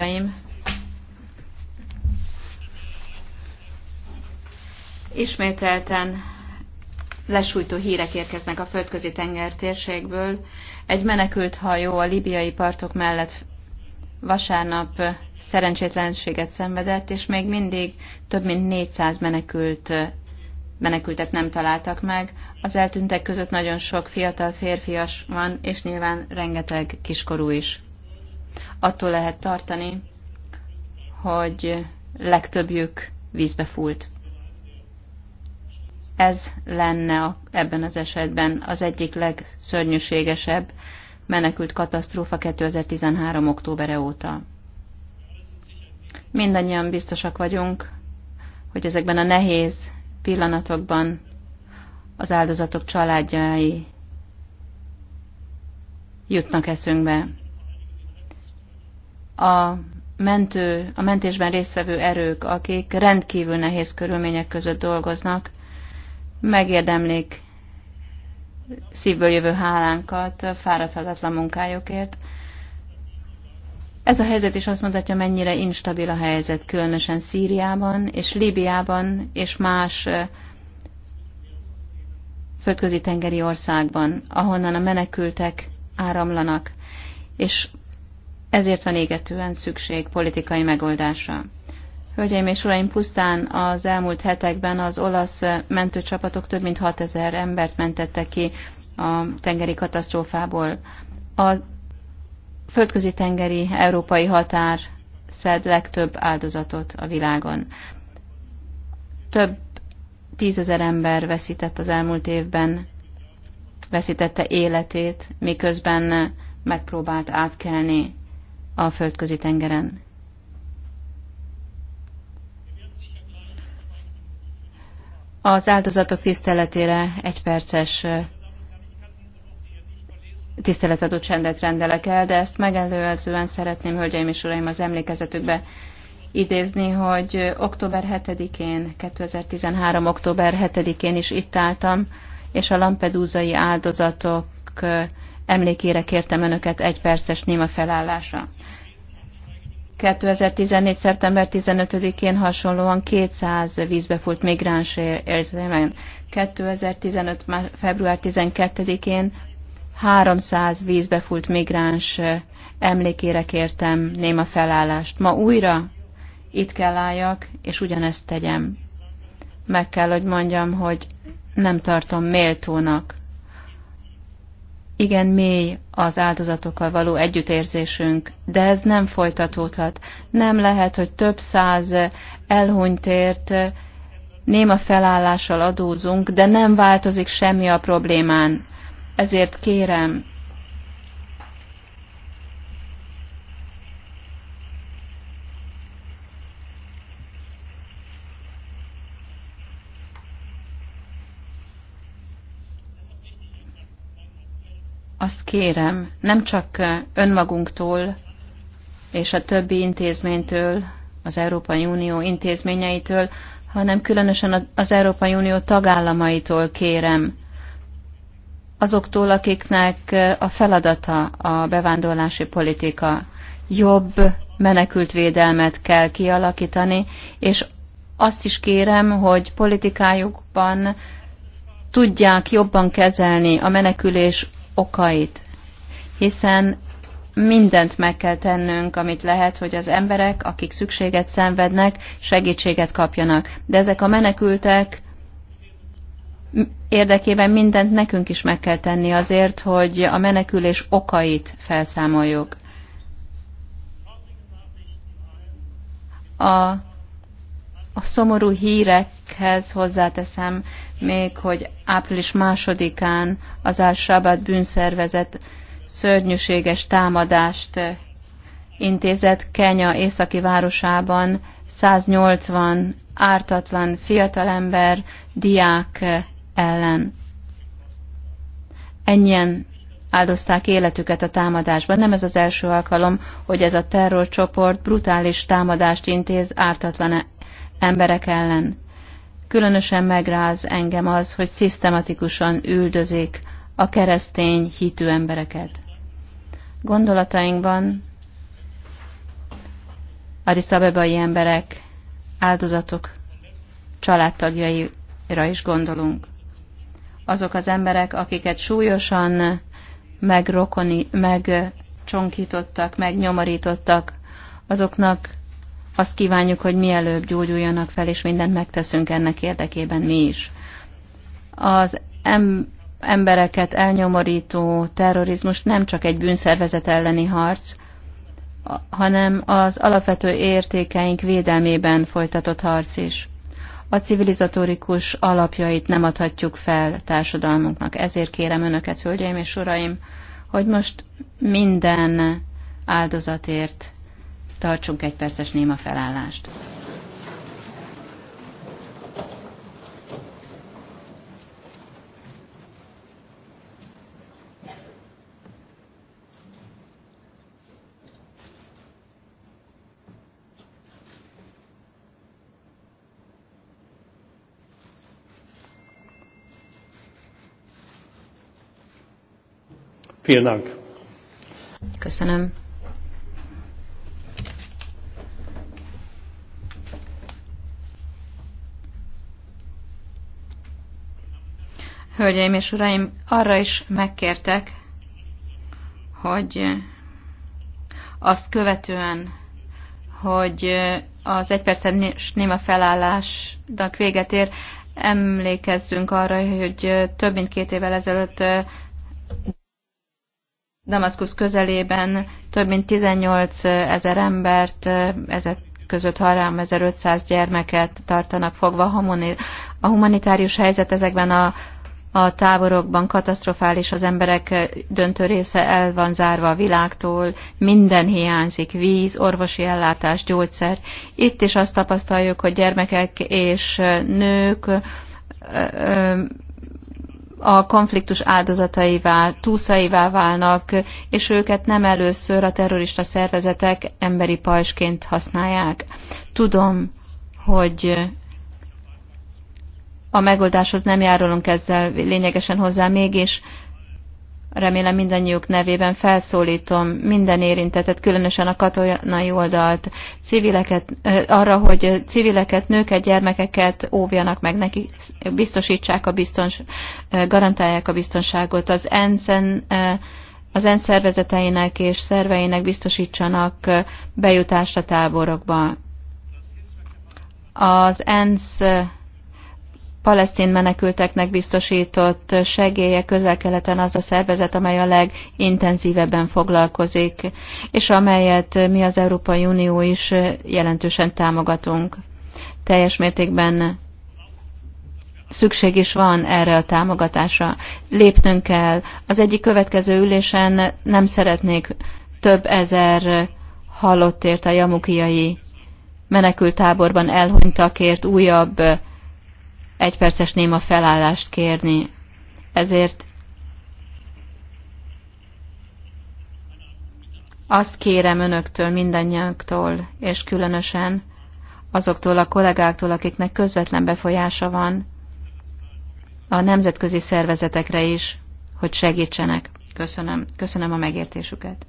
Uraim! Ismételten lesújtó hírek érkeznek a földközi tenger térségből. Egy menekült hajó a libiai partok mellett vasárnap szerencsétlenséget szenvedett, és még mindig több mint 400 menekült, menekültet nem találtak meg. Az eltűntek között nagyon sok fiatal férfias van, és nyilván rengeteg kiskorú is attól lehet tartani, hogy legtöbbjük vízbe fúlt. Ez lenne a, ebben az esetben az egyik legszörnyűségesebb menekült katasztrófa 2013. októbere óta. Mindannyian biztosak vagyunk, hogy ezekben a nehéz pillanatokban az áldozatok családjai jutnak eszünkbe a mentő, a mentésben résztvevő erők, akik rendkívül nehéz körülmények között dolgoznak, megérdemlik szívből jövő hálánkat fáradhatatlan munkájukért. Ez a helyzet is azt mutatja, mennyire instabil a helyzet, különösen Szíriában és Líbiában és más földközi tengeri országban, ahonnan a menekültek áramlanak, és ezért van égetően szükség politikai megoldásra. Hölgyeim és uraim, pusztán az elmúlt hetekben az olasz mentőcsapatok több mint 6000 embert mentettek ki a tengeri katasztrófából. A földközi tengeri európai határ szed legtöbb áldozatot a világon. Több tízezer ember veszített az elmúlt évben, veszítette életét, miközben megpróbált átkelni a földközi tengeren. Az áldozatok tiszteletére egy perces tiszteletadó csendet rendelek el, de ezt megelőzően szeretném, hölgyeim és uraim, az emlékezetükbe idézni, hogy október 7-én, 2013. október 7-én is itt álltam, és a lampedúzai áldozatok emlékére kértem önöket egy perces néma felállásra. 2014. szeptember 15-én hasonlóan 200 vízbefújt migráns értelemben. 2015. február 12-én 300 vízbefújt migráns emlékére kértem néma felállást. Ma újra itt kell álljak, és ugyanezt tegyem. Meg kell, hogy mondjam, hogy nem tartom méltónak igen mély az áldozatokkal való együttérzésünk, de ez nem folytatódhat. Nem lehet, hogy több száz elhunytért néma felállással adózunk, de nem változik semmi a problémán. Ezért kérem, azt kérem, nem csak önmagunktól és a többi intézménytől, az Európai Unió intézményeitől, hanem különösen az Európai Unió tagállamaitól kérem, azoktól, akiknek a feladata a bevándorlási politika jobb menekültvédelmet kell kialakítani, és azt is kérem, hogy politikájukban tudják jobban kezelni a menekülés okait, hiszen mindent meg kell tennünk, amit lehet, hogy az emberek, akik szükséget szenvednek, segítséget kapjanak. De ezek a menekültek érdekében mindent nekünk is meg kell tenni azért, hogy a menekülés okait felszámoljuk. A, a szomorú hírek ezekhez hozzáteszem még, hogy április másodikán az Al-Shabaab bűnszervezet szörnyűséges támadást intézett Kenya északi városában 180 ártatlan fiatalember, diák ellen. Ennyien áldozták életüket a támadásban. Nem ez az első alkalom, hogy ez a terrorcsoport brutális támadást intéz ártatlan emberek ellen. Különösen megráz engem az, hogy szisztematikusan üldözik a keresztény hitű embereket. Gondolatainkban a Abebai emberek, áldozatok, családtagjaira is gondolunk. Azok az emberek, akiket súlyosan megrokoni, megcsonkítottak, megnyomarítottak, azoknak azt kívánjuk, hogy mielőbb gyógyuljanak fel, és mindent megteszünk ennek érdekében mi is. Az em- embereket elnyomorító terrorizmus nem csak egy bűnszervezet elleni harc, hanem az alapvető értékeink védelmében folytatott harc is. A civilizatórikus alapjait nem adhatjuk fel társadalmunknak. Ezért kérem Önöket, hölgyeim és uraim, hogy most minden áldozatért Tartsunk egy perces néma felállást. Vielen Dank. Köszönöm. Hölgyeim és uraim, arra is megkértek, hogy azt követően, hogy az egy perces néma felállásnak véget ér, emlékezzünk arra, hogy több mint két évvel ezelőtt Damaszkusz közelében több mint 18 ezer embert, ezek között 3500 gyermeket tartanak fogva. A humanitárius helyzet ezekben a a táborokban katasztrofális, az emberek döntő része el van zárva a világtól, minden hiányzik, víz, orvosi ellátás, gyógyszer. Itt is azt tapasztaljuk, hogy gyermekek és nők a konfliktus áldozataivá, túszaivá válnak, és őket nem először a terrorista szervezetek emberi pajsként használják. Tudom, hogy a megoldáshoz nem járulunk ezzel lényegesen hozzá, mégis remélem mindannyiuk nevében felszólítom minden érintetet, különösen a katonai oldalt, civileket, arra, hogy civileket, nőket, gyermekeket óvjanak meg, neki biztosítsák a biztons, garantálják a biztonságot. Az ensz az ENSZ szervezeteinek és szerveinek biztosítsanak bejutást a táborokba. Az ENSZ palesztin menekülteknek biztosított segélye közel-keleten az a szervezet, amely a legintenzívebben foglalkozik, és amelyet mi az Európai Unió is jelentősen támogatunk. Teljes mértékben szükség is van erre a támogatásra. Lépnünk kell. Az egyik következő ülésen nem szeretnék több ezer halottért a jamukiai menekültáborban elhunytakért újabb egy perces néma felállást kérni. Ezért azt kérem önöktől, mindannyiaktól, és különösen azoktól a kollégáktól, akiknek közvetlen befolyása van a nemzetközi szervezetekre is, hogy segítsenek. Köszönöm. Köszönöm a megértésüket.